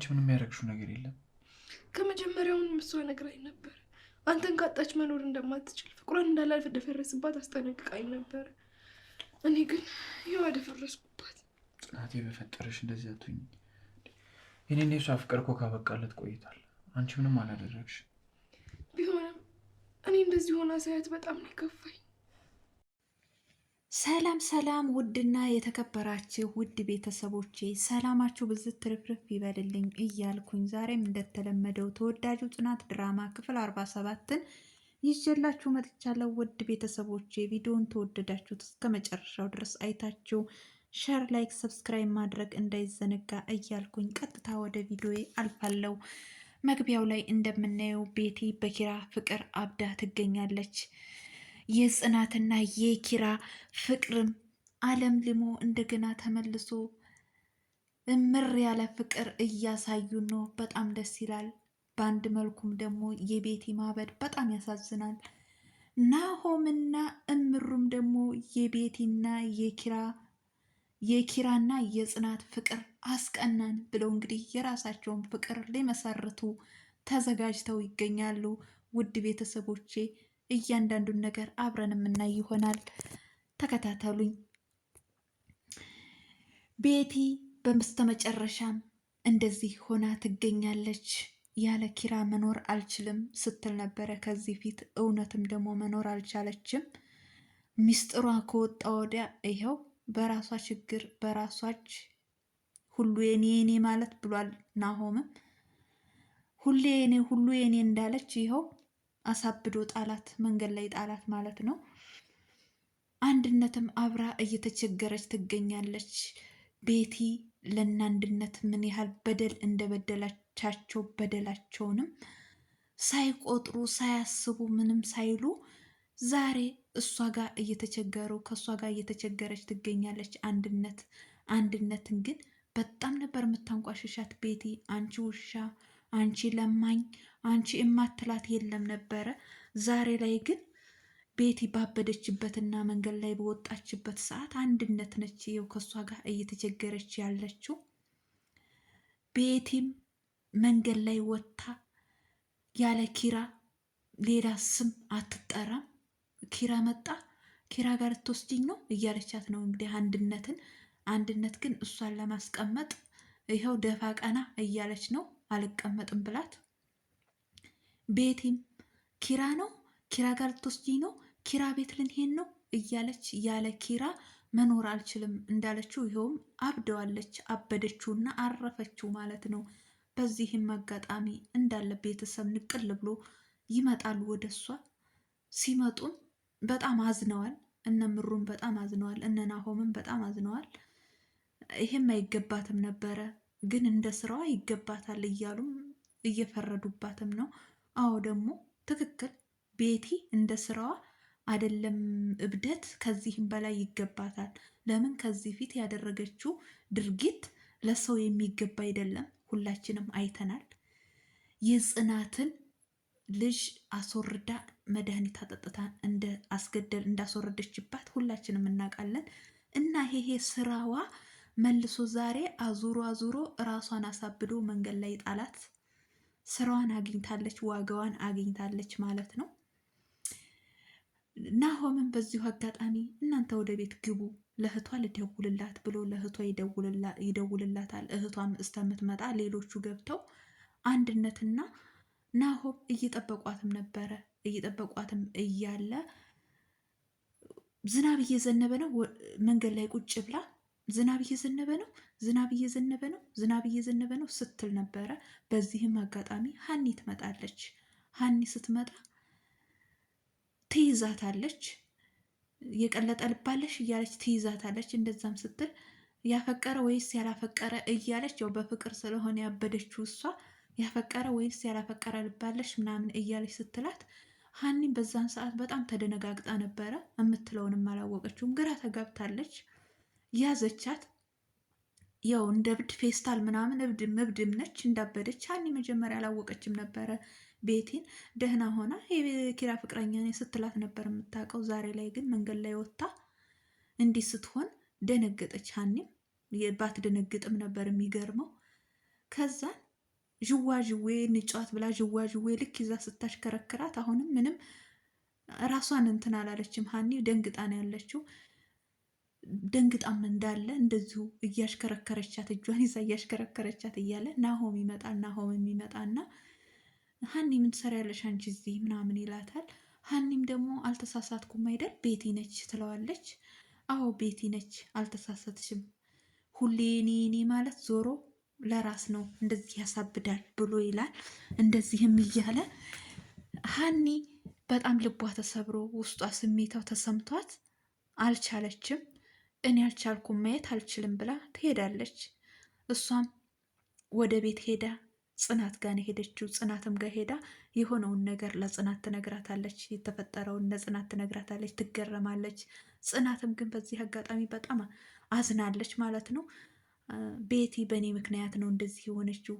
አንቺ ምንም ያደረግሽው ነገር የለም። ከመጀመሪያውንም እሷ ነግራኝ ነበር። አንተን ካጣች መኖር እንደማትችል ፍቅሯን እንዳላልፍ ደፈረስባት አስጠነቅቃኝ ነበር። እኔ ግን ያው አደፈረስኩባት። ጽናቴ በፈጠረሽ እንደዚህ አትሁኝ። የኔ እሷ ፍቅር እኮ ካበቃለት ቆይቷል። አንቺ ምንም አላደረግሽ ቢሆንም እኔ እንደዚህ ሆና ሳያት በጣም ነው የከፋኝ። ሰላም ሰላም ውድና የተከበራችሁ ውድ ቤተሰቦቼ ሰላማችሁ ብዝት ትርፍርፍ ይበልልኝ እያልኩኝ ዛሬም እንደተለመደው ተወዳጁ ጽናት ድራማ ክፍል አርባ ሰባትን ይዤላችሁ መጥቻለሁ። ውድ ቤተሰቦቼ ቪዲዮን ተወደዳችሁት እስከ መጨረሻው ድረስ አይታችሁ ሸር፣ ላይክ፣ ሰብስክራይብ ማድረግ እንዳይዘነጋ እያልኩኝ ቀጥታ ወደ ቪዲዮዬ አልፋለሁ። መግቢያው ላይ እንደምናየው ቤቲ በኪራ ፍቅር አብዳ ትገኛለች። የጽናትና የኪራ ፍቅርም አለም ልሞ እንደገና ተመልሶ እምር ያለ ፍቅር እያሳዩ ነው። በጣም ደስ ይላል። በአንድ መልኩም ደግሞ የቤቲ ማበድ በጣም ያሳዝናል። ናሆምና እምሩም ደግሞ የቤቲና የኪራ የኪራና የጽናት ፍቅር አስቀናን ብለው እንግዲህ የራሳቸውን ፍቅር ሊመሰርቱ ተዘጋጅተው ይገኛሉ። ውድ ቤተሰቦቼ እያንዳንዱን ነገር አብረን የምናይ ይሆናል። ተከታተሉኝ። ቤቲ በስተመጨረሻም እንደዚህ ሆና ትገኛለች። ያለ ኪራ መኖር አልችልም ስትል ነበረ ከዚህ ፊት። እውነትም ደግሞ መኖር አልቻለችም። ሚስጥሯ ከወጣ ወዲያ ይኸው በራሷ ችግር በራሷች ሁሉ የኔ የኔ ማለት ብሏል ናሆምም ሁሌ የኔ ሁሉ የኔ እንዳለች ይኸው አሳብዶ ጣላት፣ መንገድ ላይ ጣላት ማለት ነው። አንድነትም አብራ እየተቸገረች ትገኛለች። ቤቲ ለእነ አንድነት ምን ያህል በደል እንደበደላቻቸው በደላቸውንም ሳይቆጥሩ ሳያስቡ ምንም ሳይሉ ዛሬ እሷ ጋር እየተቸገሩ ከእሷ ጋር እየተቸገረች ትገኛለች። አንድነት አንድነትን ግን በጣም ነበር የምታንቋሽሻት ቤቲ አንቺ ውሻ አንቺ ለማኝ አንቺ እማትላት የለም ነበረ። ዛሬ ላይ ግን ቤቲ ባበደችበትና መንገድ ላይ በወጣችበት ሰዓት አንድነት ነች ይኸው ከእሷ ጋር እየተቸገረች ያለችው። ቤቲም መንገድ ላይ ወጥታ ያለ ኪራ ሌላ ስም አትጠራም። ኪራ መጣ ኪራ ጋር ልትወስጂኝ ነው እያለቻት ነው እንግዲህ አንድነትን። አንድነት ግን እሷን ለማስቀመጥ ይኸው ደፋ ቀና እያለች ነው። አልቀመጥም ብላት ቤቴም ኪራ ነው ኪራ ጋር ልትወስጂ ነው ኪራ ቤት ልንሄድ ነው እያለች ያለ ኪራ መኖር አልችልም እንዳለችው ይኸውም አብደዋለች። አበደችውና አረፈችው ማለት ነው። በዚህም አጋጣሚ እንዳለ ቤተሰብ ንቅል ብሎ ይመጣሉ ወደ እሷ። ሲመጡም በጣም አዝነዋል። እነ ምሩም በጣም አዝነዋል። እነ ናሆምም በጣም አዝነዋል። ይህም አይገባትም ነበረ ግን እንደ ስራዋ ይገባታል እያሉም እየፈረዱባትም ነው። አዎ ደግሞ ትክክል ቤቲ እንደ ስራዋ አይደለም እብደት፣ ከዚህም በላይ ይገባታል። ለምን ከዚህ ፊት ያደረገችው ድርጊት ለሰው የሚገባ አይደለም። ሁላችንም አይተናል። የጽናትን ልጅ አስወርዳ መድኃኒት አጠጥታ እንደ አስገደል እንዳስወረደችባት ሁላችንም እናውቃለን። እና ይሄ ስራዋ መልሶ ዛሬ አዙሮ አዙሮ ራሷን አሳብዶ መንገድ ላይ ጣላት። ስራዋን አግኝታለች፣ ዋጋዋን አግኝታለች ማለት ነው። ናሆምን በዚሁ አጋጣሚ እናንተ ወደ ቤት ግቡ፣ ለእህቷ ልደውልላት ብሎ ለእህቷ ይደውልላታል። እህቷም እስከምትመጣ ሌሎቹ ገብተው አንድነትና ናሆም እየጠበቋትም ነበረ። እየጠበቋትም እያለ ዝናብ እየዘነበ ነው። መንገድ ላይ ቁጭ ብላ ዝናብ እየዘነበ ነው፣ ዝናብ እየዘነበ ነው፣ ዝናብ እየዘነበ ነው ስትል ነበረ። በዚህም አጋጣሚ ሀኒ ትመጣለች። ሀኒ ስትመጣ ትይዛታለች። የቀለጠ ልባለሽ እያለች ትይዛታለች። እንደዛም ስትል ያፈቀረ ወይስ ያላፈቀረ እያለች ያው በፍቅር ስለሆነ ያበደችው እሷ ያፈቀረ ወይስ ያላፈቀረ ልባለሽ ምናምን እያለች ስትላት ሀኒም በዛን ሰዓት በጣም ተደነጋግጣ ነበረ። የምትለውንም አላወቀችውም፣ ግራ ተጋብታለች። ያዘቻት። ያው እንደ እብድ ፌስታል ምናምን እብድም እብድም ነች እንዳበደች። ሀኒ መጀመሪያ አላወቀችም ነበረ ቤቴን ደህና ሆና የኪራ ፍቅረኛ ስትላት ነበር የምታውቀው። ዛሬ ላይ ግን መንገድ ላይ ወጥታ እንዲህ ስትሆን ደነገጠች። ሀኒም ባትደነግጥም ነበር የሚገርመው። ከዛ ዥዋዥዌ ንጫወት ብላ ዥዋዥዌ ልክ ይዛ ስታሽከረክራት አሁንም ምንም ራሷን እንትን አላለችም። ሀኒ ደንግጣ ነው ያለችው። ደንግጣም እንዳለ እንደዚሁ እያሽከረከረቻት እጇን ይዛ እያሽከረከረቻት እያለ ናሆም ይመጣል። ናሆም የሚመጣና ሀኒ ምን ትሰሪያለሽ አንቺ እዚህ ምናምን ይላታል። ሀኒም ደግሞ አልተሳሳትኩም አይደል ቤቲ ነች ትለዋለች። አዎ ቤቲ ነች አልተሳሳትሽም። ሁሌ እኔ እኔ ማለት ዞሮ ለራስ ነው እንደዚህ ያሳብዳል ብሎ ይላል። እንደዚህም እያለ ሀኒ በጣም ልቧ ተሰብሮ ውስጧ ስሜታው ተሰምቷት አልቻለችም። እኔ አልቻልኩም ማየት አልችልም ብላ ትሄዳለች። እሷም ወደ ቤት ሄዳ ጽናት ጋር ሄደችው። ጽናትም ጋር ሄዳ የሆነውን ነገር ለጽናት ትነግራታለች። የተፈጠረውን ለጽናት ትነግራታለች፣ ትገረማለች። ጽናትም ግን በዚህ አጋጣሚ በጣም አዝናለች ማለት ነው። ቤቲ በእኔ ምክንያት ነው እንደዚህ የሆነችው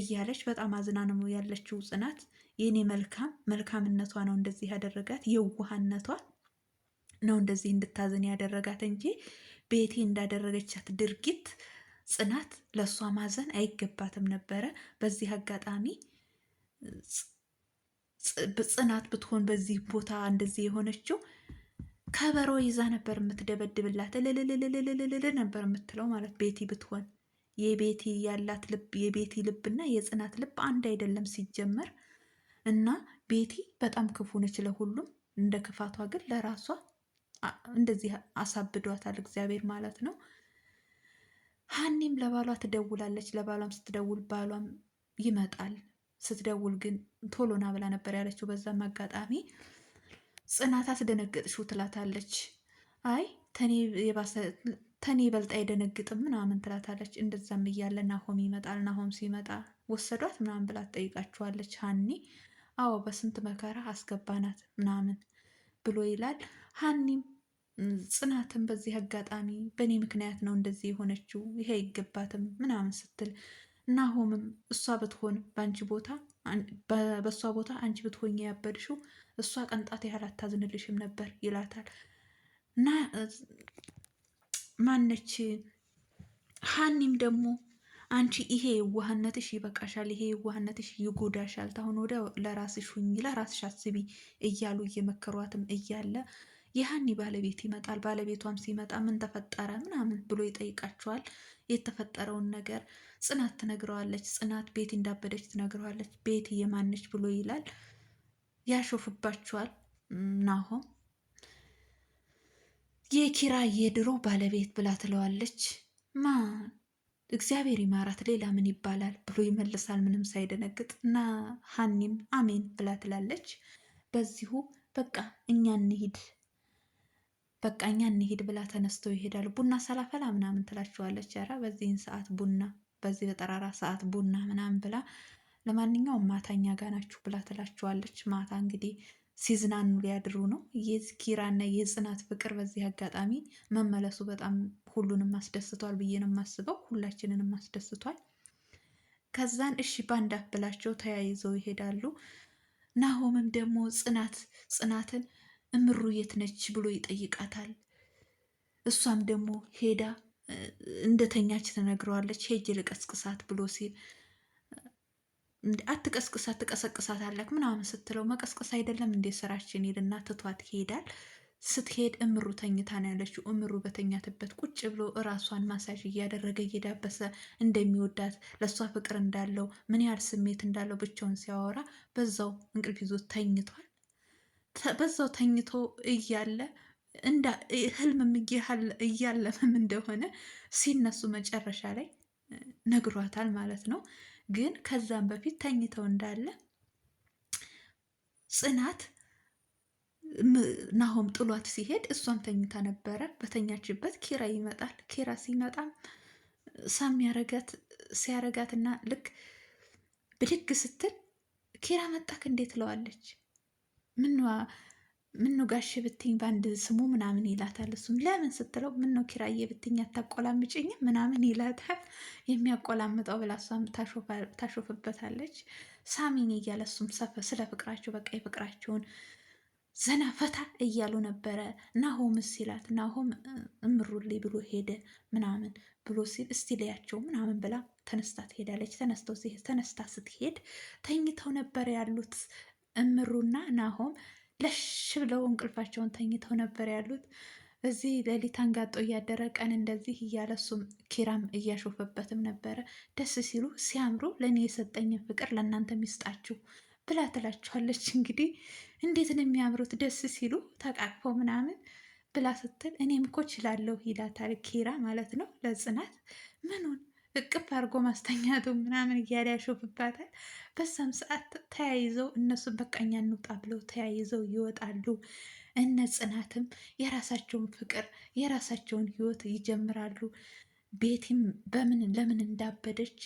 እያለች በጣም አዝና ነው ያለችው። ጽናት የእኔ መልካም መልካምነቷ ነው እንደዚህ ያደረጋት የዋህነቷ ነው እንደዚህ እንድታዘን ያደረጋት እንጂ ቤቴ እንዳደረገቻት ድርጊት ጽናት ለእሷ ማዘን አይገባትም ነበረ። በዚህ አጋጣሚ ጽናት ብትሆን በዚህ ቦታ እንደዚህ የሆነችው ከበሮ ይዛ ነበር የምትደበድብላት፣ ልልልልልልልል ነበር የምትለው ማለት ቤቲ ብትሆን። የቤቲ ያላት ልብ የቤቲ ልብና የጽናት ልብ አንድ አይደለም ሲጀመር እና ቤቲ በጣም ክፉ ነች ለሁሉም እንደ ክፋቷ ግን ለራሷ እንደዚህ አሳብዷታል እግዚአብሔር ማለት ነው። ሀኒም ለባሏ ትደውላለች። ለባሏም ስትደውል ባሏም ይመጣል። ስትደውል ግን ቶሎ ና ብላ ነበር ያለችው። በዛም አጋጣሚ ጽናት አስደነገጥሽው ትላታለች። አይ ተኔ በልጣ አይደነግጥም ምናምን ትላታለች። እንደዛም እያለ ናሆም ይመጣል። ናሆም ሲመጣ ወሰዷት ምናምን ብላ ትጠይቃችኋለች ሀኒ አዎ በስንት መከራ አስገባናት ምናምን ብሎ ይላል። ሀኒም ጽናትን በዚህ አጋጣሚ በእኔ ምክንያት ነው እንደዚህ የሆነችው ይሄ አይገባትም ምናምን ስትል ናሆምም እሷ ብትሆን በአንቺ ቦታ በእሷ ቦታ አንቺ ብትሆኝ ያበድሽው እሷ ቀንጣት ያህል አታዝንልሽም ነበር ይላታል። እና ማነች ሀኒም ደግሞ አንቺ ይሄ የዋህነትሽ ይበቃሻል፣ ይሄ የዋህነትሽ ይጎዳሻል፣ ታሁን ወደ ለራስሽ ሁኚ፣ ለራስሽ አስቢ እያሉ እየመከሯትም እያለ የሀኒ ባለቤት ይመጣል። ባለቤቷም ሲመጣ ምን ተፈጠረ ምናምን ብሎ ይጠይቃቸዋል። የተፈጠረውን ነገር ጽናት ትነግረዋለች። ጽናት ቤት እንዳበደች ትነግረዋለች። ቤት የማነች ብሎ ይላል። ያሾፍባቸዋል ናሆም የኪራ የድሮ ባለቤት ብላ ትለዋለች። ማን እግዚአብሔር ይማራት ሌላ ምን ይባላል ብሎ ይመልሳል፣ ምንም ሳይደነግጥ እና ሀኒም አሜን ብላ ትላለች። በዚሁ በቃ እኛ እንሂድ በቃ እኛ እንሂድ ብላ ተነስተው ይሄዳሉ። ቡና ሰላፈላ ምናምን ትላችዋለች ኧረ በዚህን ሰዓት ቡና በዚህ በጠራራ ሰዓት ቡና ምናምን ብላ ለማንኛውም ማታ ጋናችሁ ብላ ትላችኋለች ማታ እንግዲህ ሲዝናኑ ሊያድሩ ነው። እና የጽናት ፍቅር በዚህ አጋጣሚ መመለሱ በጣም ሁሉንም አስደስቷል ብዬ ነው የማስበው። ሁላችንንም አስደስቷል። ከዛን እሺ ባንድ አፍብላቸው ተያይዘው ይሄዳሉ። ናሆምም ደግሞ ጽናት ጽናትን እምሩ የት ነች ብሎ ይጠይቃታል። እሷም ደግሞ ሄዳ እንደተኛች ትነግረዋለች። ሄጅ ልቀስቅሳት ብሎ ሲል አትቀስቅሳ ትቀሰቅሳት አለክ ምናምን ስትለው መቀስቀስ አይደለም እንዴ ስራችን ይልና ትቷት ይሄዳል። ስትሄድ እምሩ ተኝታ ነው ያለችው። እምሩ በተኛትበት ቁጭ ብሎ እራሷን ማሳጅ እያደረገ እየዳበሰ እንደሚወዳት ለእሷ ፍቅር እንዳለው ምን ያህል ስሜት እንዳለው ብቻውን ሲያወራ በዛው እንቅልፍ ይዞ ተኝቷል። በዛው ተኝቶ እያለ ህልምም እያለምም እንደሆነ ሲነሱ መጨረሻ ላይ ነግሯታል ማለት ነው። ግን ከዛም በፊት ተኝተው እንዳለ ጽናት ናሆም ጥሏት ሲሄድ እሷም ተኝታ ነበረ። በተኛችበት ኪራ ይመጣል። ኪራ ሲመጣም ሳም ያረጋት ሲያረጋት እና ልክ ብድግ ስትል ኪራ መጣክ እንዴት ትለዋለች ምንዋ ምነው ጋሽ ብትኝ በአንድ ስሙ ምናምን ይላታል። እሱም ለምን ስትለው ምነው ኪራዬ ብትኝ አታቆላምጭኝም ምናምን ይላታል። የሚያቆላምጠው ብላ እሷም ታሾፍበታለች። ሳሚኝ እያለ እሱም ስለ ፍቅራቸው በቃ የፍቅራቸውን ዘና ፈታ እያሉ ነበረ። ናሆምስ ይላት ናሆም እምሩልኝ ብሎ ሄደ ምናምን ብሎ ሲል እስቲ ለያቸው ምናምን ብላ ተነስታ ትሄዳለች። ተነስተው ተነስታ ስትሄድ ተኝተው ነበር ያሉት እምሩና ናሆም ለሽ ብለው እንቅልፋቸውን ተኝተው ነበር ያሉት። እዚህ ሌሊት አንጋጦ እያደረ ቀን እንደዚህ እያለ እሱም ኪራም እያሾፈበትም ነበረ። ደስ ሲሉ ሲያምሩ፣ ለእኔ የሰጠኝን ፍቅር ለእናንተ ሚስጣችሁ ብላ ትላችኋለች። እንግዲህ እንዴት ነው የሚያምሩት ደስ ሲሉ ተቃቅፈው ምናምን ብላ ስትል እኔም እኮ እችላለሁ ይላታል ኪራ ማለት ነው ለጽናት ምኑን እቅፍ አድርጎ ማስተኛቱ ምናምን እያለ ያሾፍባታል። በዛም ሰዓት ተያይዘው እነሱ እኛ እንውጣ ብለው ተያይዘው ይወጣሉ። እነ ጽናትም የራሳቸውን ፍቅር የራሳቸውን ህይወት ይጀምራሉ። ቤቲም በምን ለምን እንዳበደች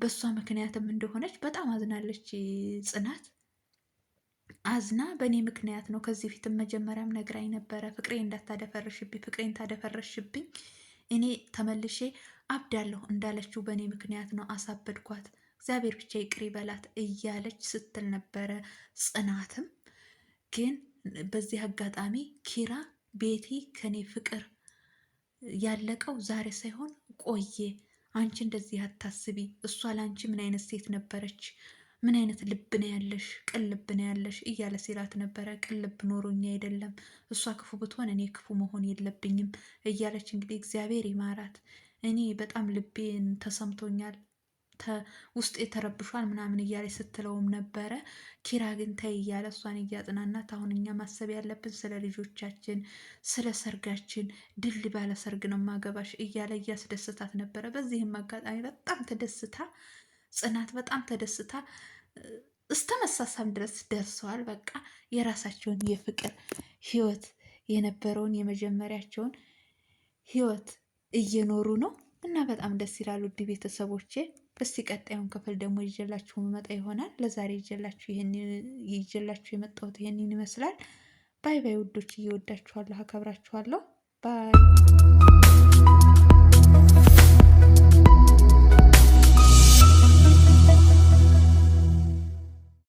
በእሷ ምክንያትም እንደሆነች በጣም አዝናለች። ጽናት አዝና በእኔ ምክንያት ነው ከዚህ ፊትም መጀመሪያም ነግራኝ ነበረ፣ ፍቅሬ እንዳታደፈረሽብኝ፣ ፍቅሬን ታደፈረሽብኝ እኔ ተመልሼ አብዳለሁ እንዳለችው በእኔ ምክንያት ነው አሳበድኳት፣ እግዚአብሔር ብቻ ይቅር ይበላት እያለች ስትል ነበረ። ጽናትም ግን በዚህ አጋጣሚ ኪራ ቤቲ ከኔ ፍቅር ያለቀው ዛሬ ሳይሆን ቆየ። አንቺ እንደዚህ አታስቢ። እሷ ለአንቺ ምን አይነት ሴት ነበረች? ምን አይነት ልብ ነው ያለሽ? ቅን ልብ ነው ያለሽ እያለ ሲላት ነበረ። ቅን ልብ ኖሮኛ አይደለም እሷ ክፉ ብትሆን እኔ ክፉ መሆን የለብኝም እያለች እንግዲህ እግዚአብሔር ይማራት። እኔ በጣም ልቤን ተሰምቶኛል ውስጥ የተረብሿል ምናምን እያለ ስትለውም ነበረ። ኪራ ግን ተይ እያለ እሷን እያጽናናት አሁን እኛ ማሰብ ያለብን ስለ ልጆቻችን፣ ስለ ሰርጋችን፣ ድል ባለ ሰርግ ነው ማገባሽ እያለ እያስደስታት ነበረ። በዚህም አጋጣሚ በጣም ተደስታ ጽናት በጣም ተደስታ እስተ መሳሳም ድረስ ደርሰዋል። በቃ የራሳቸውን የፍቅር ህይወት የነበረውን የመጀመሪያቸውን ህይወት እየኖሩ ነው እና በጣም ደስ ይላሉ። ውድ ቤተሰቦቼ እስቲ ቀጣዩን ክፍል ደግሞ ይዤላችሁ መመጣ ይሆናል። ለዛሬ ይዤላችሁ የመጣሁት ይህንን ይመስላል። ባይ ባይ ውዶች፣ እየወዳችኋለሁ፣ አከብራችኋለሁ። ባይ